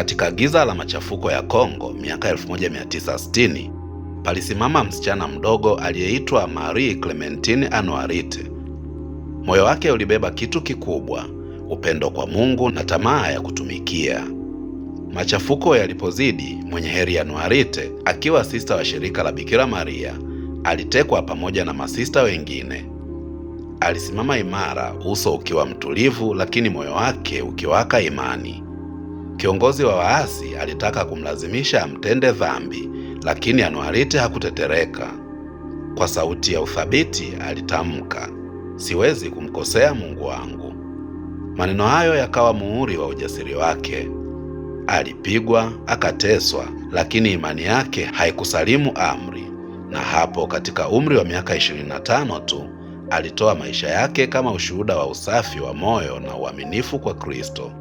Katika giza la machafuko ya Kongo miaka 1960 palisimama msichana mdogo aliyeitwa Marie Clementine Anuarite. Moyo wake ulibeba kitu kikubwa, upendo kwa Mungu na tamaa ya kutumikia. Machafuko yalipozidi, mwenye heri Anuarite akiwa sista wa shirika la Bikira Maria alitekwa pamoja na masista wengine. Alisimama imara, uso ukiwa mtulivu, lakini moyo wake ukiwaka imani. Kiongozi wa waasi alitaka kumlazimisha amtende dhambi, lakini Anuarite hakutetereka. Kwa sauti ya uthabiti alitamka, siwezi kumkosea Mungu wangu. Maneno hayo yakawa muhuri wa ujasiri wake. Alipigwa, akateswa, lakini imani yake haikusalimu amri, na hapo katika umri wa miaka 25 tu alitoa maisha yake kama ushuhuda wa usafi wa moyo na uaminifu kwa Kristo.